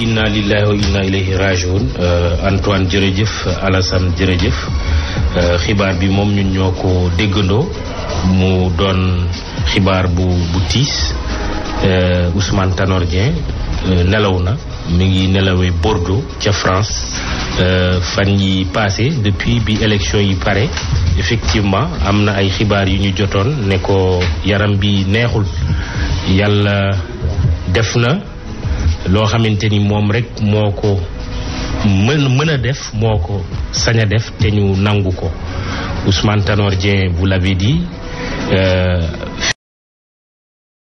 inna lillahi wa inna ilayhi rajiun euh, Antoine jërëjëf Alassane jërëjëf euh, xibaar bi moom ñun ñoo ko déggandoo mu doon xibaar bu bu tiis euh, Ousmane Tanor Dieng nelaw na mi ngi nelawee Bordeaux ca France fan yi passé depuis bi élection yi pare effectivement am na ay xibaar yu ñu jotoon ne ko yaram bi neexul yàlla def na loo xamante ni moom rek moo ko mën mën a def moo ko sañ a def te ñu nangu ko Ousmane Tanor Dieng vous l'avez dit. Euh,